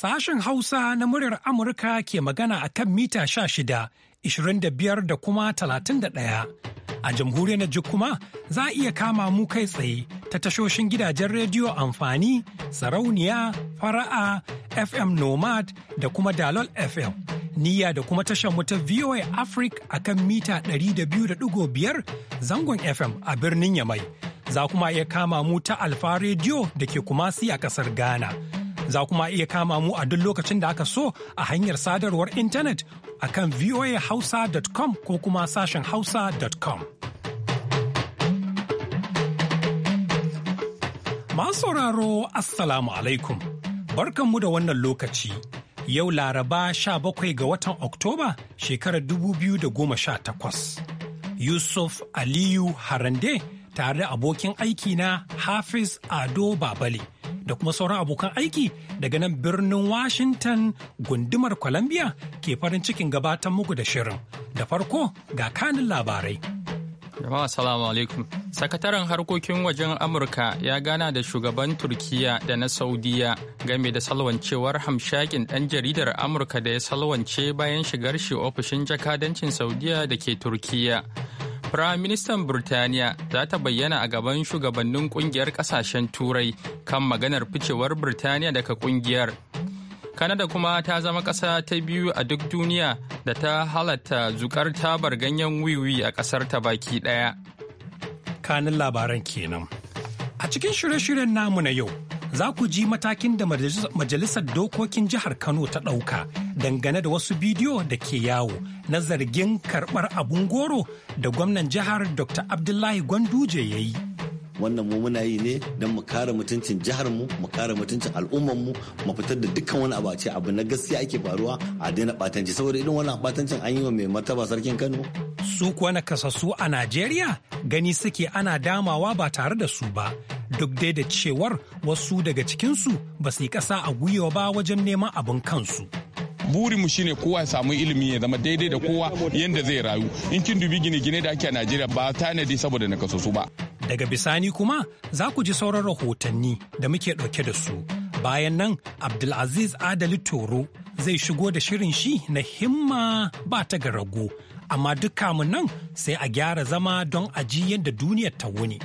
Sashen Hausa na muryar Amurka ke magana a kan mita shida, ishirin da kuma ɗaya. A jamhuriyar Naija kuma za a iya kama mu kai tsaye ta tashoshin gidajen rediyo amfani, sarauniya, fara'a, FM Nomad da kuma Dalol FM. Niyya da kuma tashar mu ta VOA Africa a kan mita 200.5 zangon FM a birnin Yamai. Za kuma iya kama mu ta Alfa Rediyo da ke Kumasi a ƙasar Ghana. Za kuma iya kama mu a duk lokacin da aka so a hanyar sadarwar intanet a kan voahausa.com ko kuma sashen hausa.com. Masu sauraro Assalamu alaikum, barkanmu da wannan lokaci. Yau Laraba 17 ga watan Oktoba shekarar 2018. Yusuf Aliyu Harande tare da abokin aikina Hafiz Ado Babali. da kuma sauran abokan aiki daga nan birnin Washington gundumar Columbia ke farin cikin gabatar muku da shirin. Da farko ga kanin labarai. Jama'a salamu alaikum. Sakataren harkokin wajen Amurka ya gana da shugaban Turkiyya da na Saudiya game da salwancewar hamshakin ɗan jaridar Amurka da ya salwance bayan shigar shi ofishin jakadancin Saudiya da ke Turkiyya. Firaministan Birtaniya za ta bayyana a gaban shugabannin kungiyar kasashen Turai kan maganar ficewar Birtaniya daga kungiyar. Kanada kuma ta zama ƙasa ta biyu a duk duniya da ta halatta zukar tabar ganyen wiwi a ƙasar ta baki ɗaya. Kanin labaran kenan. A cikin shirye-shiryen namu na yau, za ku ji matakin da majalisar dokokin jihar Kano ta ɗauka dangane da wasu bidiyo da ke yawo na zargin karɓar abun goro da gwamnan jihar Dr. Abdullahi Gwanduje ya yi. wannan mu muna yi ne don mu kare mutuncin jihar mu mu kare mutuncin al'ummar mu mu fitar da dukkan wani abu ce abu na gaskiya ake faruwa a daina batanci saboda irin wannan batancin an yi wa mai martaba sarkin Kano su kuwa na kasasu a Najeriya gani suke ana damawa ba tare da su ba duk dai da cewar wasu daga cikinsu ba su yi ƙasa a gwiwa ba wajen neman abin kansu. burinmu shine kowa ya samu ilimi ya zama daidai da kowa yadda zai rayu in kin dubi gine-gine da ake a najeriya ba tanadi saboda na kaso ba daga bisani kuma za ku ji sauran rahotanni da muke ɗauke da su bayan nan abdulaziz adali toro zai shigo da shirin shi na himma ba ta ga rago amma duk kamun nan sai a gyara zama don aji yadda duniyar ta wuni.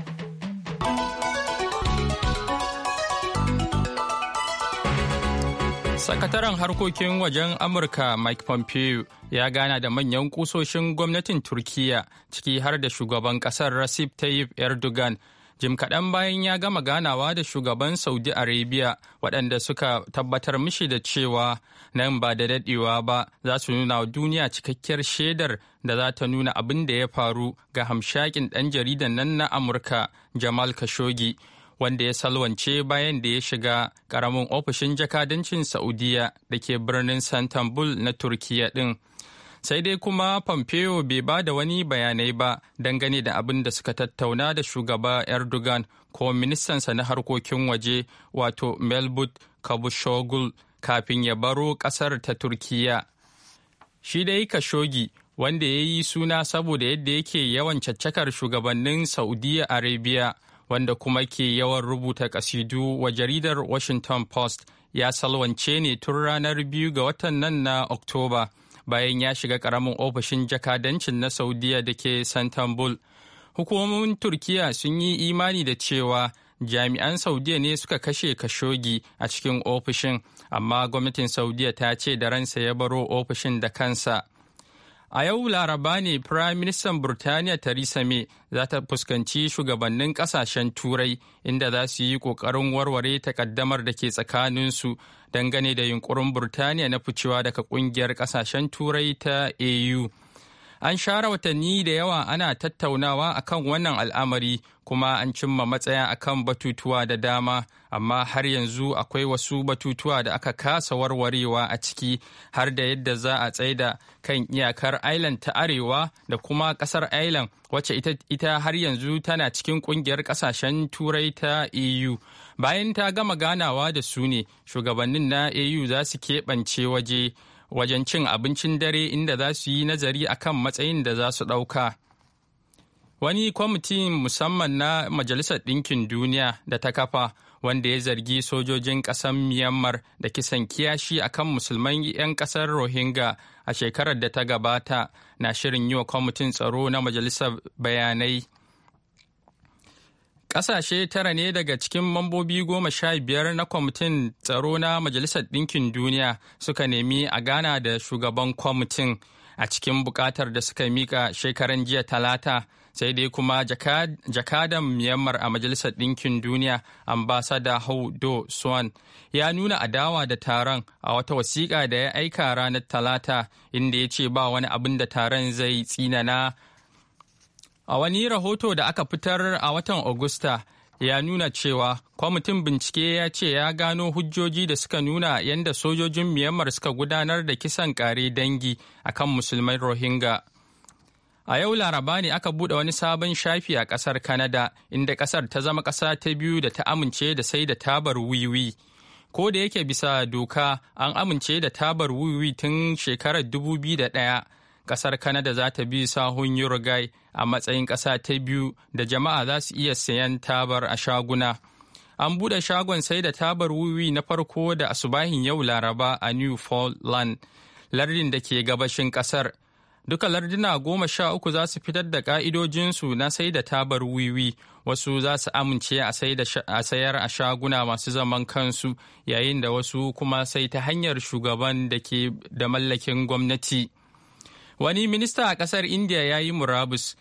Sakataren harkokin wajen Amurka Mike Pompeo ya gana da manyan kusoshin gwamnatin Turkiyya ciki har da shugaban kasar Recep Tayyip Erdogan. Jim kaɗan bayan ya gama ganawa da shugaban Saudi Arabia waɗanda suka tabbatar mishi da cewa nan ba da daɗewa ba za su nuna wa duniya cikakkiyar shaidar da za ta nuna abin da ya faru ga hamshakin ɗan jaridan nan na Amurka Jamal Khashoggi wanda ya salwance bayan da ya shiga ƙaramin ofishin jakadancin Saudiya da ke birnin Santambul na turkiyya ɗin. Sai dai kuma Pompeo bai ba da wani bayanai ba dangane da abin da suka tattauna da shugaba Erdogan ko ministansa na harkokin waje wato Melbut kabushogul kafin ya baro ƙasar ta turkiyya Shi dai kashogi wanda ya yi suna saboda yadda yake yawan caccakar shugabannin Saudiya Arabia. wanda kuma ke yawan rubuta kasidu wa jaridar Washington Post ya salwance ne tun ranar biyu ga watan nan na Oktoba bayan ya shiga ƙaramin ofishin jakadancin na Saudiya da ke Santambul. Hukumomin turkiyya sun yi imani da cewa jami'an Saudiya ne suka kashe Kashogi a cikin ofishin, amma gwamnatin Saudiya ta ce da ransa ya baro ofishin da kansa. A yau Laraba ne Firayim Ministan Burtaniya Theresa May za ta fuskanci shugabannin kasashen Turai inda za su yi ƙoƙarin warware takaddamar da ke tsakaninsu dangane da yunkurin Burtaniya na ficewa daga ƙungiyar kasashen Turai ta AU. An share watanni da yawa ana tattaunawa akan wannan al'amari kuma an cimma matsaya akan batutuwa da dama, amma har yanzu akwai wasu batutuwa da aka kasa warwarewa a ciki har da yadda za a tsaida kan iyakar Island ta Arewa da kuma kasar Island wacce ita, har yanzu tana cikin ƙungiyar ƙasashen Turai ta EU. Bayan ta gama ganawa da su ne, shugabannin na AU za su keɓance waje wajen cin abincin dare inda za su yi nazari a kan matsayin da za su ɗauka. Wani kwamitin musamman na Majalisar Ɗinkin Duniya da ta kafa wanda ya zargi sojojin ƙasar Myanmar da kisan kiyashi a kan musulman 'yan ƙasar Rohingya a shekarar da ta gabata na shirin yi wa kwamitin tsaro na Majalisar Bayanai. Ƙasashe tara ne daga cikin mambobi goma sha biyar na kwamitin tsaro na Majalisar Ɗinkin Duniya suka nemi a gana da shugaban kwamitin a cikin buƙatar da suka mika shekaran jiya talata sai dai kuma jakadan Myanmar a Majalisar Ɗinkin Duniya ambasada Hau Do Swan ya nuna adawa da taron a wata wasiƙa da ya aika ranar talata inda ya ce ba wani abin da taron zai tsinana A wani rahoto da aka fitar a watan Agusta ya nuna cewa kwamitin bincike ya ce ya gano hujjoji da suka nuna yadda sojojin Myanmar suka gudanar da kisan kare dangi a kan musulmai Rohingya. A yau Laraba ne aka buɗe wani sabon shafi a ƙasar kanada inda ƙasar ta zama ƙasa ta biyu da ta amince da sai da tabar wiwi. Ko da yake bisa doka an amince da tabar wiwi tun shekarar 2001 kasar kanada za ta bi sahun Uruguay a matsayin ƙasa ta biyu da jama'a za su iya sayan tabar a shaguna. An buɗe shagon sai da tabar wiwi na farko da asubahin yau Laraba a Newfoundland, lardin da ke gabashin ƙasar. Duka lardina goma sha uku za su fitar da ƙa'idojinsu na sai da tabar wiwi, wasu za su amince a sayar a shaguna masu zaman kansu, yayin da wasu kuma sai ta hanyar shugaban da ke da mallakin gwamnati. Wani minista a kasar India ya yi murabus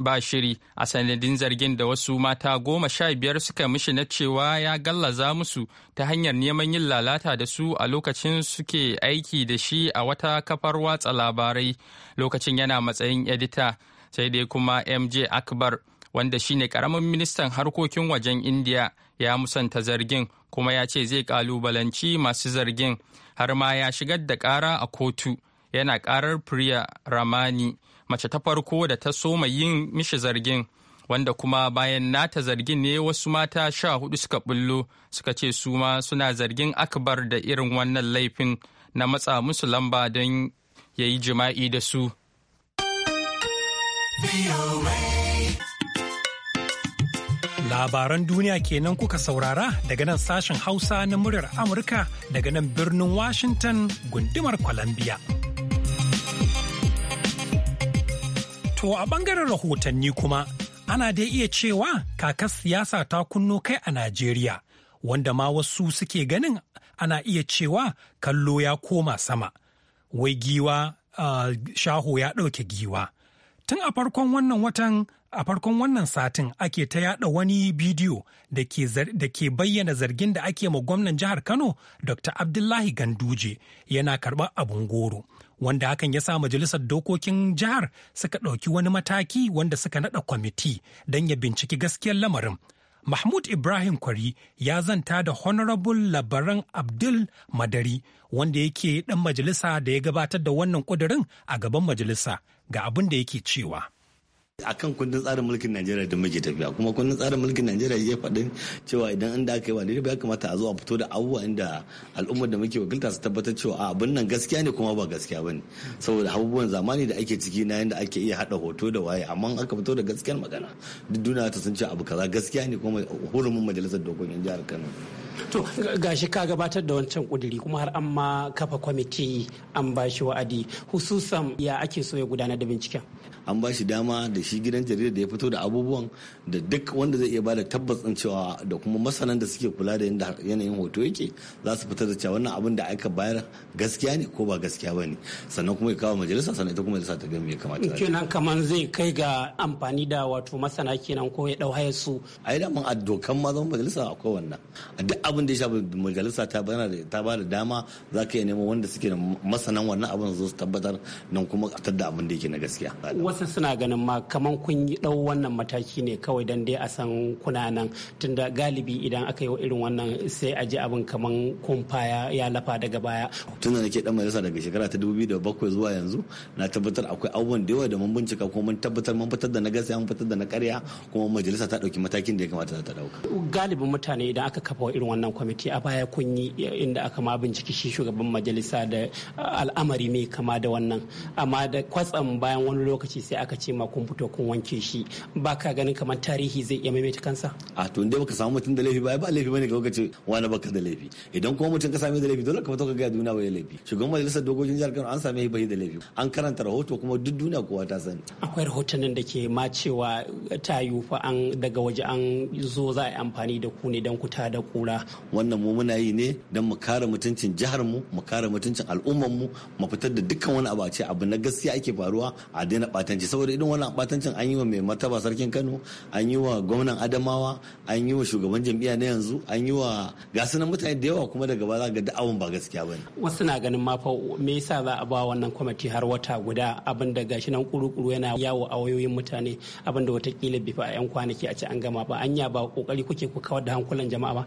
ba shiri a sanadin zargin da wasu mata goma sha biyar suka mishi na cewa ya gallaza musu ta hanyar neman yin lalata da su a lokacin suke aiki da shi a wata kafar watsa labarai lokacin yana matsayin edita sai dai kuma MJ Akbar wanda shine karamin ministan harkokin wajen India ya musanta zargin kuma ya ce zai kalubalanci masu zargin har ma ya shigar da kara a kotu. yana karar Priya Ramani mace ta farko da ta soma yin mishi zargin wanda kuma bayan nata zargin ne wasu mata sha hudu suka bullo suka ce su ma suna zargin akbar da irin wannan laifin na matsa musu lamba don ya yi jima'i da su. Labaran duniya kenan kuka saurara daga nan sashen Hausa na muryar Amurka daga nan birnin Washington gundumar Columbia. To a ɓangaren rahotanni kuma ana dai iya cewa kakar siyasa ta kunno kai a Najeriya wanda ma wasu suke ganin ana iya cewa kallo ya koma sama. Wai giwa uh, shaho ya ɗauke giwa. Tun a farkon wannan watan a farkon wannan satin ake ta yada wani bidiyo da ke bayyana zargin da ake ma gwamnan jihar Kano Dr. Abdullahi Ganduje yana karɓar abin goro. wanda hakan ya sa majalisar dokokin jihar suka ɗauki wani mataki wanda suka naɗa kwamiti don ya binciki gaskiyar lamarin. Mahmud Ibrahim Kwari ya zanta da Honorable Labaran Abdul Madari wanda yake ɗan majalisa da ya gabatar da wannan ƙudurin a gaban majalisa ga abin da yake cewa. akan kundin tsarin mulkin Najeriya da muke tafiya kuma kundin tsarin mulkin Najeriya ya faɗi cewa idan inda aka yi wani ba ya kamata a zo a fito da abubuwa inda al'ummar da muke wakilta su tabbatar cewa a abin nan gaskiya ne kuma ba gaskiya bane saboda abubuwan zamani da ake ciki na yanda ake iya hada hoto da waye amma aka fito da gaskiyar magana duk duniya ta san cewa abu kaza gaskiya ne kuma hurumin majalisar dokokin jihar Kano to gashi ka gabatar da wancan kuduri kuma har an ma kafa kwamiti an bashi wa'adi hususan ya ake so ya gudanar da binciken an ba shi dama da shi gidan jarida da ya fito da abubuwan da duk wanda zai iya ba da tabbacin cewa da kuma masanan da suke kula da yanayin hoto yake za su fitar da cewa wannan abin da aka bayar gaskiya ne ko ba gaskiya ba ne sannan kuma ya kawo majalisa sannan ita kuma majalisa ta gami ya kamata ke nan kamar zai kai ga amfani da wato masana kenan ko ya dau hayar su a da mun a dokan ma zama majalisa akwai wannan duk abin da ya shafi majalisa ta ta ba da dama za ka iya neman wanda suke masanan wannan abin zo su tabbatar nan kuma a tadda abin da yake na gaskiya wasu suna ganin ma kaman kun yi ɗau wannan mataki ne kawai dan dai a san kuna nan tunda galibi idan aka yi irin wannan sai a ji abin kaman kumfa ya lafa daga baya tunda nake dan majalisa daga shekara ta 2007 zuwa yanzu na tabbatar akwai abubuwan da yawa da mun bincika kuma mun tabbatar mun fitar da na gaskiya mun fitar da na ƙarya kuma majalisa ta ɗauki matakin da ya kamata ta ɗauka galibin mutane idan aka kafa irin wannan kwamiti a baya kun yi inda aka ma binciki shi shugaban majalisa da al'amari mai kama da wannan amma da kwatsam bayan wani lokaci lokaci sai aka ce ma kun fito kun wanke shi ba ka ganin kamar tarihi zai iya maimaita kansa a to inda baka samu mutum da laifi ba ba laifi bane ka lokaci wani baka da laifi idan kuma mutum ka same da laifi dole ka fito ka ga duniya bai laifi shugaban majalisar dokokin jihar Kano an same shi bai da laifi an karanta rahoto kuma duk duniya kowa ta sani akwai rahotannin da ke ma cewa ta fa an daga waje an zo za a yi amfani da ku ne don ku ta da kura wannan mu muna yi ne don mu kare mutuncin jihar mu mu kare mutuncin al'ummar mu mu fitar da dukkan wani abu a ce abu na gaskiya ake faruwa a daina batanci saboda irin wannan batancin an yi wa mai mataba sarkin Kano an yi wa gwamnan Adamawa an yi wa shugaban jam'iyya na yanzu an yi wa gasu nan mutane da yawa kuma daga za ga da'awun ba gaskiya bane wasu na ganin ma fa me yasa za a ba wannan kwamiti har wata guda abin da gashi nan kuru-kuru yana yawo a wayoyin mutane abin da watakila bi fa a yan kwanaki a ce an gama ba anya ba kokari kuke ku kawar da hankulan jama'a ba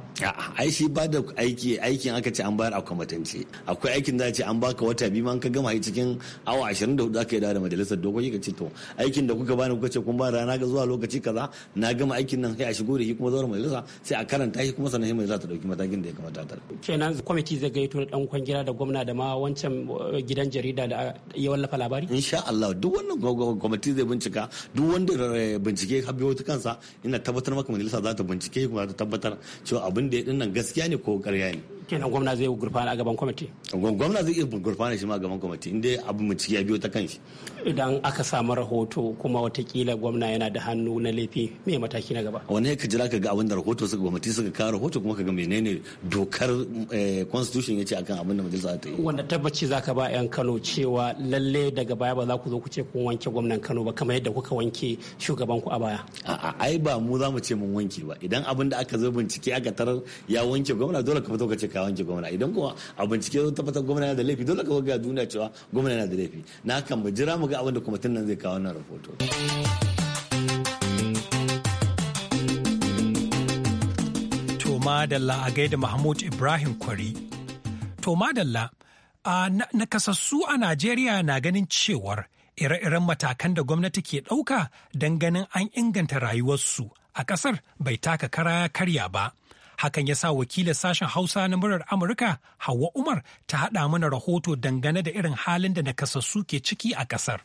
ai shi ba da aiki aikin aka ce an bayar a kwamitance akwai aikin da ce an baka wata biyu ma an ka gama cikin awa 24 aka yi da majalisar dokoki ka to aikin da kuka bani kuka ce kun ba rana ga zuwa lokaci kaza na gama aikin nan sai a shigo da shi kuma zauna majalisa sai a karanta shi kuma sannan majalisa ta dauki matakin da ya kamata ta kenan kwamiti zai gaito da dan kwangila da gwamna da ma wancan eh, gidan jarida da eh, ya wallafa labari insha Allah duk wannan kwamiti zai bincika duk wanda bincike ka biyo ta kansa ina tabbatar maka majalisa za ta bincike kuma za ta tabbatar cewa abin da ya dinnan gaskiya ne ko ƙarya ne kenan gwamna zai gurfana a gaban kwamiti gwamna zai iya gurfana shi ma a gaban kwamiti inda abu mu ciki ya biyo ta kanshi idan aka samu rahoto kuma watakila gwamna yana da hannu na laifi me mataki na gaba wani ka jira ka ga abin da rahoto suka gwamnati suka kawo rahoto kuma ka ga menene dokar eh, constitution ya ce akan abin da majalisa ta yi wanda tabbaci za ka ba yan kano cewa lalle daga baya ba za ku zo ku ce kun wanke gwamnan kano ba kamar yadda kuka wanke shugaban ku a baya a'a ai ba mu za mu ce mun wanke ba idan abin da aka zo bincike aka tarar ya wanke gwamna dole ka fito ka ce ka wanke gwamna idan kuma a bincike zo tabbatar gwamna yana da laifi dole ka ga duniya cewa gwamna yana da laifi na kan mu jira mu ga abin da kwamitin nan zai kawo wannan rahoto. To madalla a gaida Mahmud Ibrahim Kwari. To madalla a nakasassu a Najeriya na ganin cewar ire-iren matakan da gwamnati ke ɗauka don ganin an inganta rayuwarsu a ƙasar bai taka kara karya ba. Hakan ya sa wakilin sashen Hausa na murar Amurka Hauwa Umar ta haɗa mana rahoto dangane da irin halin da nakasassu ke ciki a ƙasar.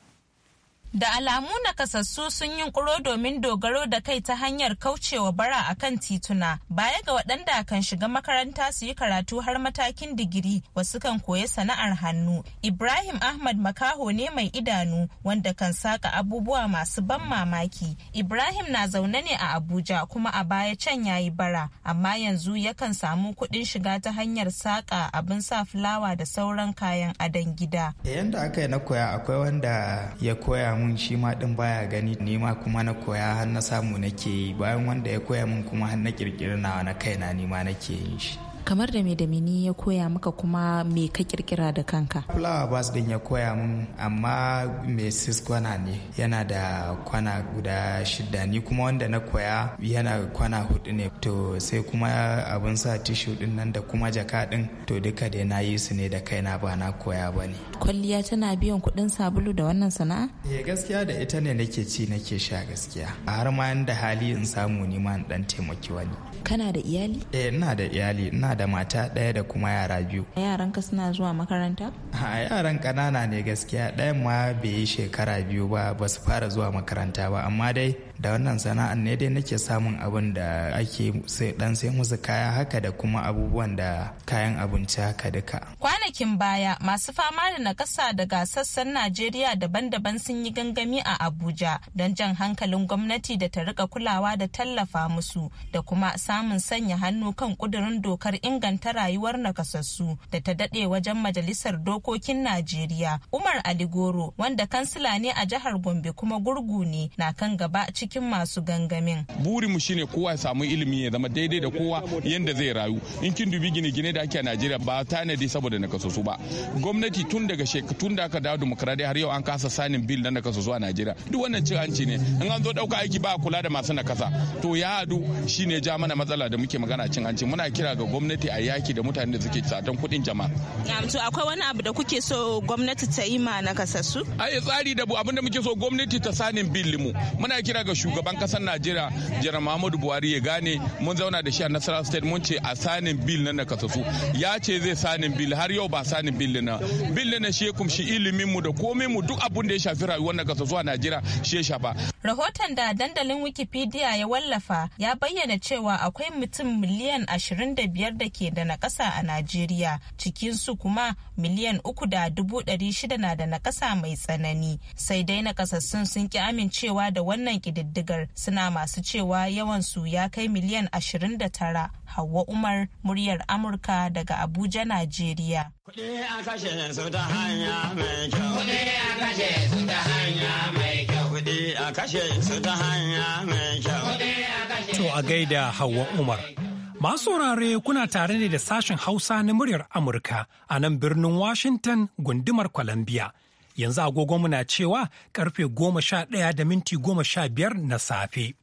Da alamu nakasassu sun yi kuro domin dogaro da kai ta hanyar kaucewa bara a kan tituna. Baya ga waɗanda kan shiga makaranta su yi karatu har matakin digiri wasu kan koya sana'ar hannu. Ibrahim Ahmad Makaho ne mai idanu wanda kan saka abubuwa masu ban mamaki. Ibrahim na zaune ne a Abuja kuma a baya can ya yi bara amma yanzu yakan samu kuɗin shiga ta hanyar saka abin sa fulawa da sauran kayan adon gida. Yanda aka yi na koya akwai wanda ya koya mun shi ma din baya gani ni ma kuma na koya har na samu nake yi bayan wanda ya koya min kuma har na kirkiri na kaina ni ma nake yin shi kamar da me da mini ya koya maka kuma me ka kirkira da kanka Fulawa bas din ya koya mun amma me sis kwana ne yana da kwana guda shida ni kuma wanda na koya yana kwana hudu ne to sai kuma abin sa tishu din nan da kuma jaka din to duka dai na yi su ne da kaina ba na koya ba ne kwalliya tana biyan kuɗin sabulu da wannan sana'a eh gaskiya da ita ne nake ci nake sha gaskiya har ma da hali in samu ni ma dan taimaki wani kana da iyali eh ina da iyali ina da mata ɗaya da kuma yara biyu yaran ka suna zuwa makaranta a yaran ƙanana ne gaskiya ɗayan ma bai yi shekara biyu ba ba su fara zuwa makaranta ba amma dai da wannan sana'an ne dai nake samun abin da ake sai dan sai musu kaya haka da kuma abubuwan da kayan abinci haka duka kwanakin baya masu fama da nakasa daga sassan najeriya daban-daban sun yi gangami a abuja don jan hankalin gwamnati da ta rika kulawa da tallafa musu da kuma samun sanya hannu kan kudurin dokar inganta rayuwar nakasassu da ta dade wajen majalisar dokokin najeriya umar aligoro wanda kansila ne a jihar gombe kuma gurgu ne na kan gaba ciki. cikin masu gangamin. Burinmu shine kowa ya samu ilimi ya zama daidai da kowa yanda zai rayu. In kin dubi gine-gine da ake a Najeriya ba tanadi saboda nakasassu ba. Gwamnati tun daga tun da aka dawo demokradiyya har yau an kasa sanin bil na nakasassu a Najeriya. Duk wannan cin hanci ne. In an zo ɗauka aiki ba kula da masu nakasa. To ya haɗu shine ja mana matsala da muke magana cin hanci. Muna kira ga gwamnati a yaki da mutanen da suke satan kuɗin jama'a. To akwai wani abu da kuke so gwamnati ta yi ma nakasassu? Ai tsari da abin da muke so gwamnati ta sanin bil mu. Muna kira ga shugaban kasar najeriya jara muhammadu buhari ya gane mun zauna da shi a nasara state mun ce a sanin bil na nakasassu ya ce zai sanin bil har yau ba sanin bil na bil na shi ya kumshi ilimin mu da komai mu duk abun da ya shafi rayuwar nakasasu a najeriya shi ya shafa Rahoton da dandalin Wikipedia ya wallafa ya bayyana cewa akwai mutum miliyan 25 da ke da nakasa a Najeriya, cikinsu kuma miliyan 3,600 na da nakasa mai tsanani. Sai dai nakasassun sun ki amincewa da wannan ƙididdigar suna masu cewa yawansu ya kai miliyan 29. Hauwa Umar, muryar Amurka daga Abuja, Najeriya. Kuɗi a kashe a kashe su ta hanya mai kyau. a kashe su ta hanya mai kyau. To a gaida Hauwa Umar. Masu saurare kuna tare ne da sashen Hausa na muryar Amurka a nan birnin Washington gundumar Columbia. Yanzu agogo muna cewa karfe goma sha ɗaya da minti goma sha biyar na safe.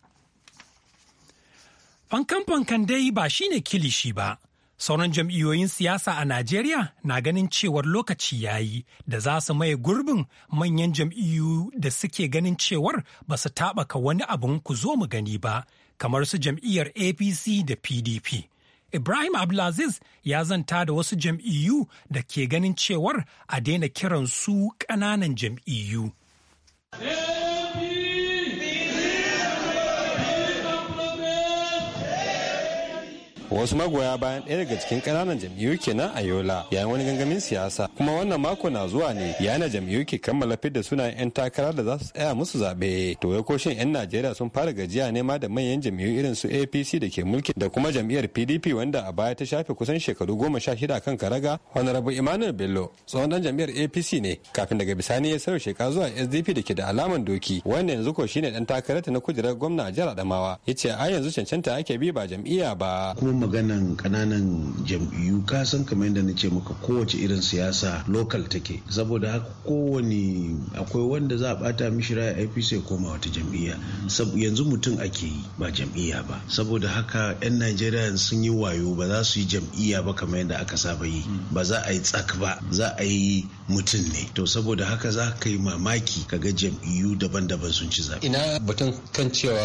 Fankan-fankan dai ba shine kilishi ba. Sauran jam'iyyoyin siyasa a Najeriya na ganin cewar lokaci ya yi da za su maye gurbin manyan jam'iyyu da suke ganin cewar ba su taɓaka wani abin ku zo mu gani ba, kamar su jam'iyyar APC da PDP. Ibrahim Abdulaziz ya zanta da wasu jam'iyyu da ke ganin cewar a daina kiran su ƙananan jam'iyyu. Yeah! wasu magoya bayan ɗaya daga cikin ƙananan jam'iyyu kenan a yola yayin wani gangamin siyasa kuma wannan mako na zuwa ne yana jam'iyyu ke kammala fidda sunayen 'yan takara da za su tsaya musu zaɓe to ya koshin 'yan najeriya sun fara gajiya nema da manyan jam'iyyu irin su apc da ke mulki da kuma jam'iyyar pdp wanda a baya ta shafe kusan shekaru goma sha shida kan karaga honorable emmanuel bello tsohon dan jam'iyyar apc ne kafin daga bisani ya sauya sheka zuwa sdp da ke da alaman doki wanda yanzu ko shine dan ta na kujerar gwamna a jihar adamawa ya ce a yanzu cancanta ake bi ba jam'iyya ba maganan kananan jam'iyyu ka san kamar yadda na ce maka kowace irin siyasa lokal take saboda haka kowane akwai wanda za a bata mishi raya apc ya koma wata jam'iyya yanzu mutum ake yi ba jam'iyya ba saboda haka 'yan najeriya sun yi wayo ba za su yi jam'iyya ba kamar yadda aka saba yi ba za a yi tsak ba za a yi mutum ne to saboda haka za ka yi mamaki ka ga jam'iyyu daban-daban sun ci zaɓe ina batun kan cewa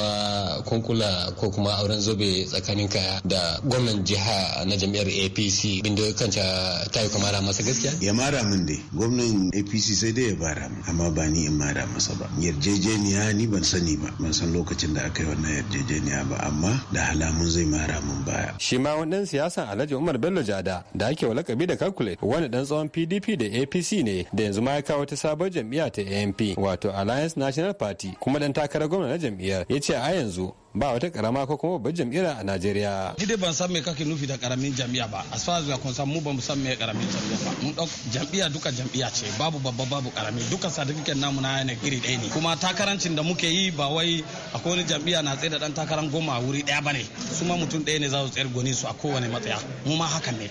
kunkula ko kuma auren zobe tsakanin kaya da gwamnan jiha na jam'iyyar apc bindo kanta ta yi kamara masa gaskiya ya mara min dai gwamnan apc sai dai ya bara min amma ba ni in mara masa ba yarjejeniya ni ban sani ba ban san lokacin da aka yi wannan yarjejeniya ba amma da halamun zai mara mun baya shi ma dan siyasan alhaji umar bello jada da ake walakabi da calculate wani dan tsawon pdp da apc ne da yanzu ma ya kawo ta sabon jam'iyya ta amp wato alliance national party kuma dan takarar gwamna na jam'iyyar ya ce a yanzu ba wata karama ko kuma babban jam'iyya a Najeriya. Ni dai ban san me kake nufi da karamin jam'iyya ba. As far as we mu ban san me karamin jam'iyya ba. Mun jam'iyya duka jam'iyya ce babu babba babu karami duka certificate namu na yana iri ɗaya ne. Kuma takarancin da muke yi ba wai akwai wani jam'iyya na tsaye da dan takaran goma wuri ɗaya bane. Su ma mutum ɗaya ne za su tsayar goni su a kowane matsaya. Mu ma haka ne.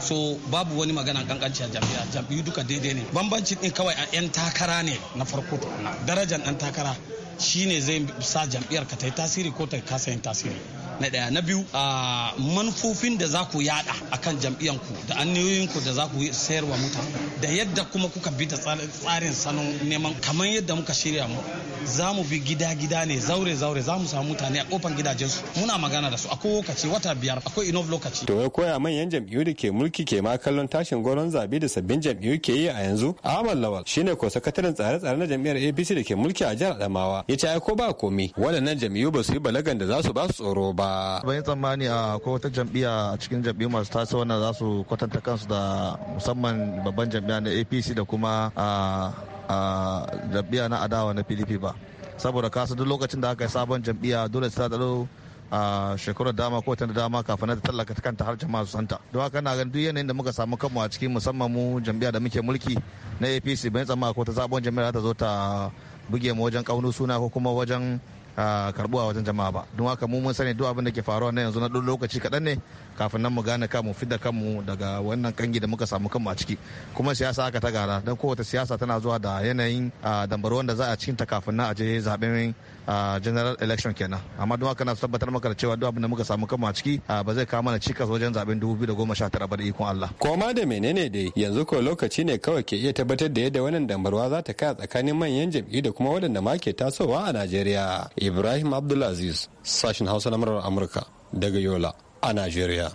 so babu wani magana kankanci a jam'iyya jam'iyyu duka daidai ne bambanci din kawai a 'yan takara ne na farko tukuna darajar dan takara shine zai sa jam'iyyar ka ta yi tasiri ko ta kasa yin tasiri na daya na biyu a manufofin da za ku yada kan jam'iyyar ku da anniyoyin ku da za ku sayar wa mutane da yadda kuma kuka bi da tsarin sanin neman kamar yadda muka shirya mu za mu bi gida-gida ne zaure-zaure za mu samu mutane a kofar gidajensu muna magana da su Akwai lokaci wata biyar akwai inov lokaci. to ya koya manyan jam'iyyu da ke mulki ke ma kallon tashin goron zabe da sabbin jam'iyyu ke yi a yanzu ahmad lawal shine ko sakataren tsare-tsare na jam'iyyar apc da ke mulki a jihar adamawa ya ce ko ba komi waɗannan jam'iyyu ba su yi balagan da za su ba su tsoro ba ban yi tsammani a ah, ko wata jam'iyya a cikin jam'iyyu masu tasa wannan za su kwatanta kansu da musamman babban jam'iyya na apc da kuma a ah, ah, jam'iyya na adawa na pdp ba saboda kasu duk lokacin da aka yi sabon jam'iyya dole su ta a shekarar dama ko ta dama kafin ta tallaka ta kanta har jama'a su santa don haka na ganin duk yanayin da muka samu kanmu a cikin musamman mu jam'iyya da muke mulki na apc bayan tsamma ko ta zaɓon jam'iyyar ta zo ta buge mu wajen kaunu suna ko kuma wajen karbuwa wajen jama'a ba don haka mu mun sani duk abin da ke faruwa na yanzu na ɗan lokaci kaɗan ne kafin nan mu gane kanmu fidda kanmu daga wannan kangi da muka samu kanmu a ciki kuma siyasa aka ta gara don kowace siyasa tana zuwa da yanayin dambar wanda za a cikin ta kafin nan a je zaben general election kenan amma don haka na tabbatar maka da cewa duk abin da muka samu kanmu a ciki ba zai kawo mana cikas wajen zaben 2019 ba da ikon Allah koma da menene dai yanzu ko lokaci ne kawai ke iya tabbatar da yadda wannan dambarwa za ta kai tsakanin manyan jam'i da kuma waɗanda ma ke tasowa a Najeriya Ibrahim Abdulaziz sashin Hausa na murar Amurka daga Yola a Najeriya.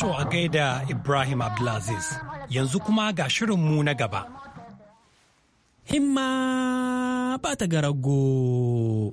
To a gaida Ibrahim Abdulaziz yanzu kuma ga shirinmu na gaba. Himma ba ta garago.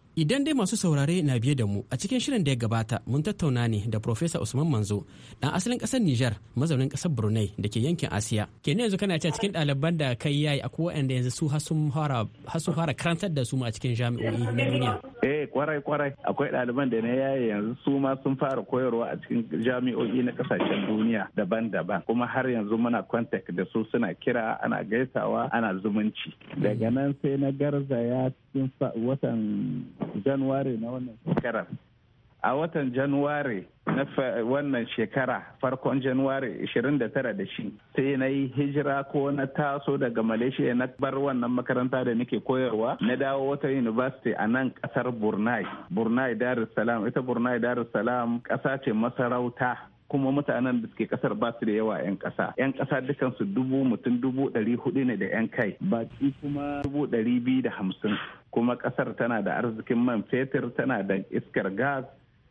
Idan dai masu saurare na biye da mu a cikin shirin da ya gabata mun tattauna ne da Profesa Usman Manzo dan asalin kasar Nijar mazaunin kasar Brunei da ke yankin Asiya. Ke yanzu kana cewa cikin ɗaliban da kai yayi a kowa waɗanda yanzu su hara hasu karantar da su a cikin jami'o'i na duniya. Eh kwarai kwarai akwai ɗaliban da na yayi yanzu su ma sun fara koyarwa a cikin jami'o'i na kasashen duniya daban-daban kuma har yanzu muna contact da su suna kira ana gaisawa ana zumunci. Daga nan sai na garzaya cikin watan januwari na wannan shekarar a watan januwari na wannan shekara farkon januwari 29 da shi sai na yi hijira ko na taso daga malaysia na bar wannan makaranta da nake koyarwa na dawo wata university a nan kasar burnai burnai dar ita burnai dar salam kasa ce masarauta kuma mutanen da suke kasar ba su da yawa 'yan kasa 'yan kasa dukansu dubu mutum dubu ɗari hudu ne da 'yan kai baki kuma dubu ɗari biyu da hamsin kuma kasar tana da arzikin man fetur tana da iskar gas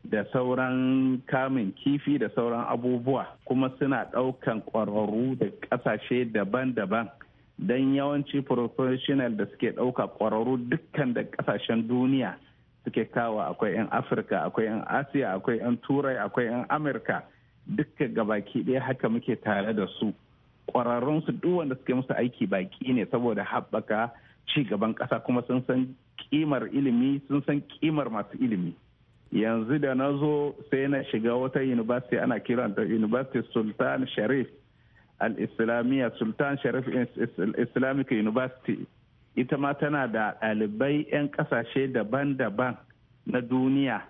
da sauran kamun kifi da sauran abubuwa kuma suna ɗaukan ƙwararru da ƙasashe daban-daban don yawanci professional da suke ɗauka ƙwararru dukkan da ƙasashen duniya suke kawo akwai 'yan afirka akwai 'yan asiya akwai 'yan turai akwai 'yan amurka duka baki ɗaya haka muke tare da su ƙwararrun su duk wanda suke musu aiki baki ne saboda haɓaka ci gaban ƙasa kuma sun san kimar ilimi sun san kimar masu ilimi yanzu da na zo sai na shiga wata university ana kiran ta university sultan sharif al-islamiyya sultan sharif islamic university ita ma tana da ɗalibai 'yan ƙasashe daban-daban na duniya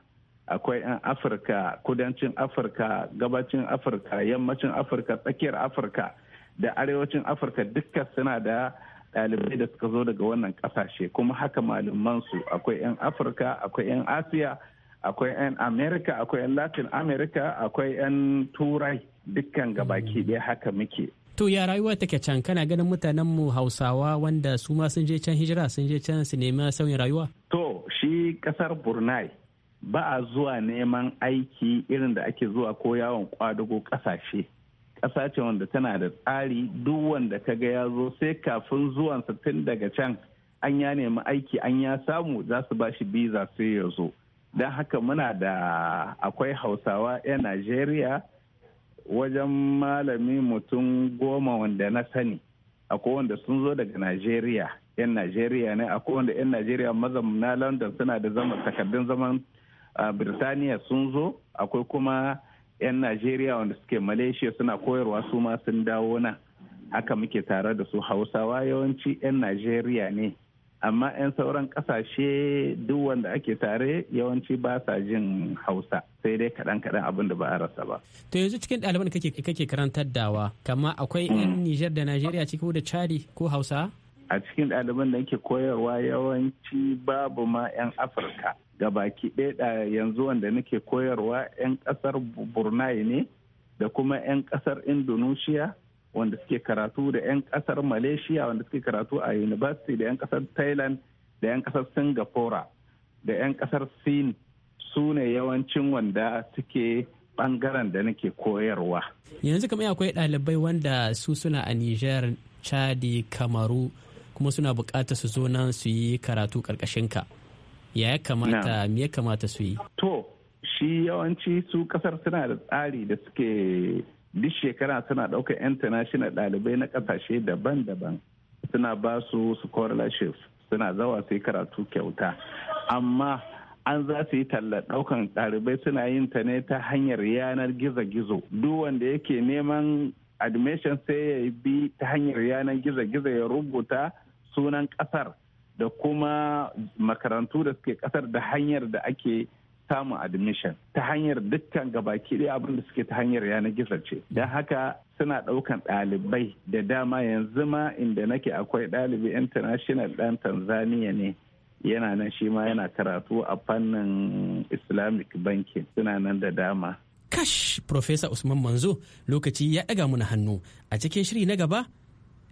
akwai 'yan afirka kudancin afirka gabacin afirka yammacin afirka tsakiyar afirka da arewacin afirka dukkan suna da ɗalibai da suka zo daga wannan kasashe kuma haka malamansu akwai 'yan afirka akwai 'yan asiya akwai 'yan amerika akwai 'yan latin amerika akwai 'yan turai dukkan gabaki hmm. ɗaya haka muke to ya rayuwa take can kana ganin mutanen mu hausawa wanda su ma sun je can hijira sun je can su nemi sauyin rayuwa to shi kasar burnai. ba a zuwa neman aiki irin da ake zuwa ko yawon kwadago kasashe ƙasa ce wanda tana da tsari duk wanda ka ga ya zo sai kafin zuwansa tun daga can an ya nemi aiki an ya samu za su ba shi biza sai ya zo don haka muna da akwai hausawa 'yan najeriya wajen malami mutum goma wanda na sani akwai wanda sun zo daga najeriya 'yan najeriya ne akwai wanda 'yan najeriya mazamna london suna da zaman takardun zaman birtaniya sun zo akwai kuma 'yan najeriya wanda suke malaysia suna koyarwa su ma sun dawo nan haka muke tare da su hausawa yawanci 'yan najeriya ne amma 'yan sauran kasashe duk wanda ake tare yawanci ba sa jin hausa sai dai kaɗan kaɗan abin da ba a rasa ba to yanzu cikin ɗaliban da kake karantar dawa kama akwai 'yan mm. nijar da najeriya ciki da chadi ko hausa a cikin ɗaliban da ke koyarwa yawanci babu ma 'yan afirka ga baki ɗaya yanzu wanda nake koyarwa 'yan ƙasar burnai ne da kuma 'yan ƙasar Indonesia wanda suke karatu da 'yan ƙasar Malaysia wanda suke karatu a university da 'yan ƙasar Thailand da 'yan ƙasar Singapore da 'yan ƙasar Sin su ne yawancin wanda suke bangaren da nake koyarwa. Yanzu kamar akwai ɗalibai wanda su suna a Niger, Chadi, Kamaru kuma suna buƙatar su zo nan su yi karatu ƙarƙashinka. ya kamata me ya kamata su yi to shi yawanci su kasar suna da tsari da suke duk shekara suna ɗaukar international ɗalibai na ƙasashe daban-daban suna ba su scholarship suna zawa sai karatu kyauta amma an za su yi talla ɗaukan ɗalibai suna yin ta ne ta hanyar yanar gizo-gizo duk wanda yake neman admission sai ya bi ta hanyar yanar gizo-gizo ya rubuta sunan ƙasar da kuma makarantu da suke kasar da hanyar da ake samun admission ta hanyar dukkan gabaki ɗaya abin da suke ta hanyar yanar gizo ce don haka suna ɗaukan ɗalibai da dama yanzu ma inda nake akwai ɗalibi international ɗan tanzania ne yana nan shi ma yana karatu a fannin islamic banking suna nan da dama kash profesa usman manzo lokaci ya ɗaga muna hannu a cikin shiri na gaba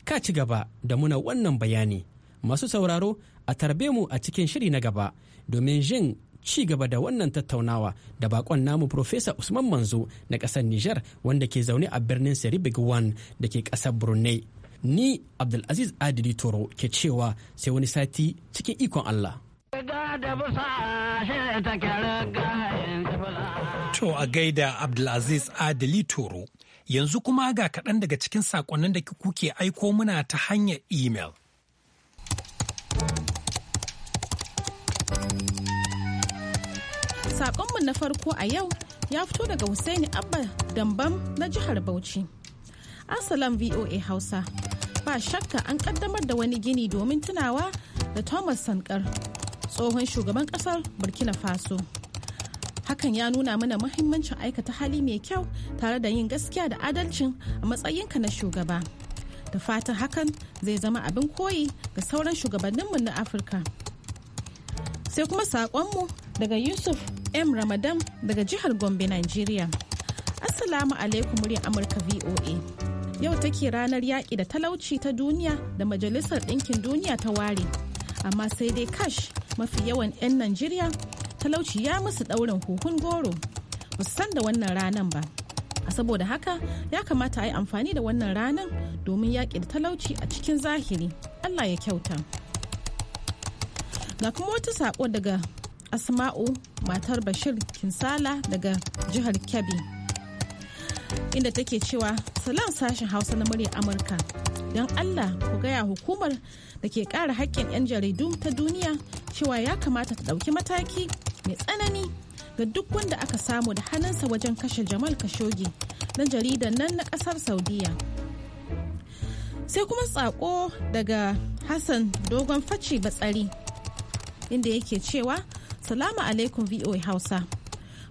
ka ci gaba da muna wannan bayani Masu sauraro a tarbe mu a cikin shiri na gaba domin jin ci gaba da wannan tattaunawa da bakon namu Profesa Usman Manzo na ƙasar Nijar wanda ke zaune a birnin Seribigwan da ke ƙasar Brunei. Ni Abdulaziz Adili Toro ke cewa sai wani sati cikin ikon Allah. To a gaida Abdulaziz Adili Toro, yanzu kuma ga kaɗan daga cikin saƙonnin da kuke aiko muna ta hanyar imel. Sakonmu na farko a yau ya fito daga Hussaini Abba Dambam na jihar Bauchi. Asalam VOA Hausa. Ba shakka an kaddamar da wani gini domin tunawa da Thomas Sankar, tsohon shugaban kasar Burkina Faso. Hakan ya nuna mana mahimmancin aikata hali mai kyau tare da yin gaskiya da adalcin a matsayinka na shugaba. Da fatan hakan zai zama abin koyi ga sauran shugabanninmu na Afirka. Sai kuma saƙonmu daga Yusuf M Ramadan daga jihar Gombe, Nigeria. Assalamu alaikum muryar Amurka VOA. Yau take ranar yaƙi da talauci ta duniya da Majalisar Ɗinkin Duniya ta ware. Amma sai dai kash mafi yawan 'yan Najeriya talauci ya musu ɗaurin huhun goro. Ba san da wannan ranan ba. A saboda haka ya kamata a yi amfani da wannan ranan domin yaƙi da talauci a cikin zahiri. Allah ya kyauta. Ga kuma wata saƙo daga asma'u matar bashir kinsala daga jihar kebbi inda take cewa salam sashen hausa na murya amurka don allah ku gaya hukumar da ke kara haƙƙin 'yan jaridu ta duniya cewa ya kamata ta ɗauki mataki mai tsanani ga duk wanda aka samu da hannunsa wajen kashe jamal kashogi na jaridan nan na ƙasar saudiya sai kuma tsako daga hassan dogon faci batsari inda yake cewa Assalamu alaikum VOA Hausa.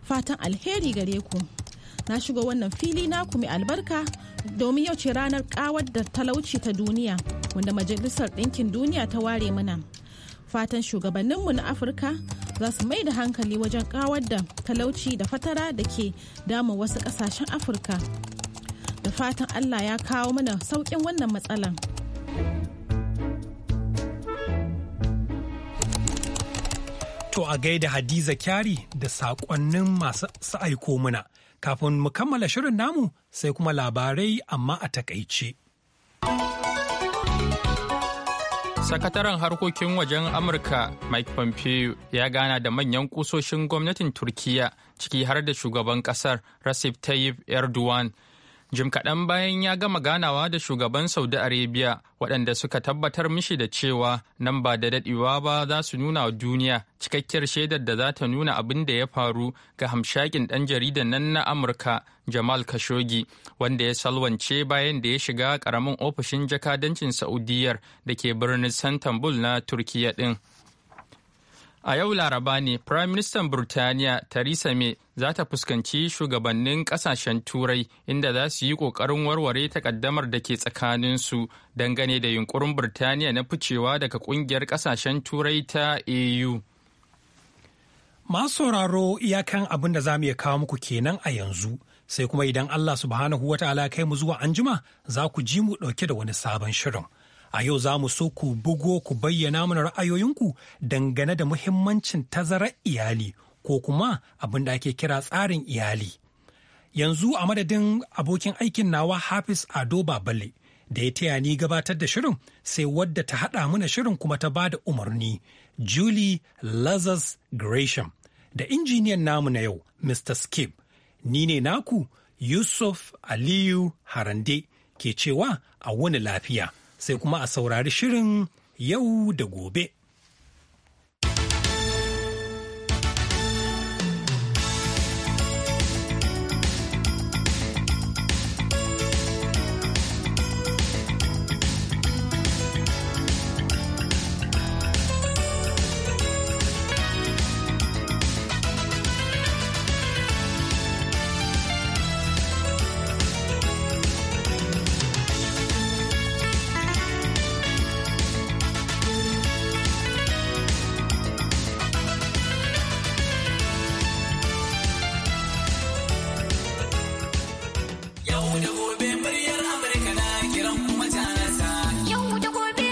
Fatan alheri gare ku. Na shigo wannan fili na mai albarka domin yau ce ranar kawar da talauci ta duniya wanda Majalisar Ɗinkin Duniya ta ware mana. Fatan shugabanninmu na Afirka za su mai da hankali wajen kawar da talauci da fatara da ke damun wasu ƙasashen Afirka. Da fatan Allah ya kawo mana sauƙin wannan matsalan. To a gaida Hadiza Kyari da saƙonnin masu sa'aiko muna. Kafin mu kammala shirin namu sai kuma labarai amma a takaice. Sakataren harkokin wajen Amurka Mike Pompeo ya gana da manyan kusoshin gwamnatin Turkiyya ciki har da shugaban kasar Recep Tayyip Erdogan jim kaɗan bayan ya gama ganawa da shugaban saudi arabia waɗanda suka tabbatar mishi da cewa nan ba da daɗewa ba za su nuna wa duniya cikakkiyar shaidar da za ta nuna abin da ya faru ga hamshakin ɗan jaridan nan na amurka jamal khashoggi wanda ya salwance bayan da ya shiga ƙaramin ofishin jakadancin saudiyyar da ke birnin santambul na turkiya ɗin. A yau Laraba ne Prime Minister Burtaniya Theresa May za ta fuskanci shugabannin kasashen Turai inda za su yi ƙoƙarin warware takaddamar da ke tsakaninsu dangane da yunkurin Burtaniya na ficewa daga ƙungiyar kasashen Turai ta EU. Masu sauraro iyakan abin da za mu iya kawo muku kenan a yanzu, sai kuma idan Allah subhanahu wa ta'ala kai mu zuwa anjima za ku ji mu ɗauke da wani sabon shirin. A yau za mu so ku bugo ku bayyana mana ra'ayoyinku dangane da muhimmancin tazarar iyali ko kuma abin da ake kira tsarin iyali. Yanzu a madadin abokin aikin nawa Hafiz Ado Babale da ya taya ni gabatar da shirin sai wadda ta haɗa mana shirin kuma ta ba da umarni Julie Lazarus Gresham da injiniyan namu na yau Mr. Skip. Ni ne naku Yusuf Aliyu Harande ke cewa a wani lafiya. sai kuma a saurari shirin yau da gobe.